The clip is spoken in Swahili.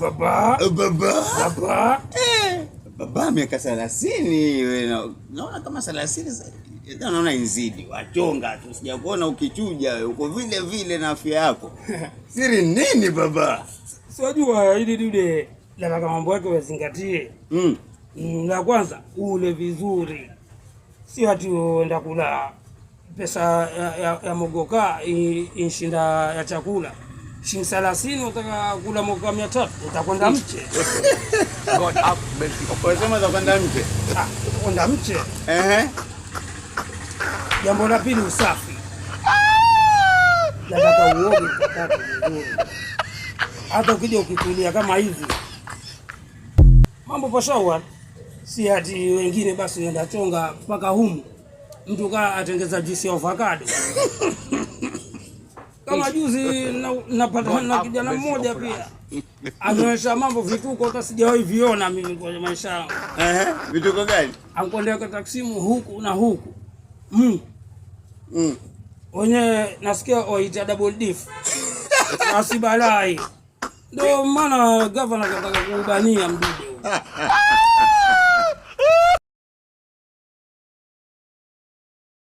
baba baba baba eh, baba miaka thelathini, wewe eh, naona kama thelathini eh, naona inzidi. Wachonga tu, sijakuona ukichuja, uko vile vile na afya yako. Siri nini baba? Siwajua hili dude la mambo yake wazingatie. Mm. mm. La kwanza ule vizuri, si ati uenda kula pesa ya, ya, ya mogoka inshinda ya chakula shilingi 30 unataka kula mwaka 300 utakwenda hmm. utakwenda mche. Ah, mche. Jambo la pili usafi. Ah! Nataka uoge vizuri. Hata ukija ukitulia kama hivi. Mambo pashaua. Si ati wengine basi unaenda chonga mpaka humu. Mtu kaa atengeza juisi ya avocado. Kama juzi napatana na kijana mmoja pia anaonyesha mambo vituko hata sijawahi viona mimi kwa maisha yangu. Ehe, vituko gani? Ankwenda kwa taksimu huku na huku mm. Mm. Wenyewe nasikia oita double diff asibalai, ndio maana gavana kataka kuubania mdudu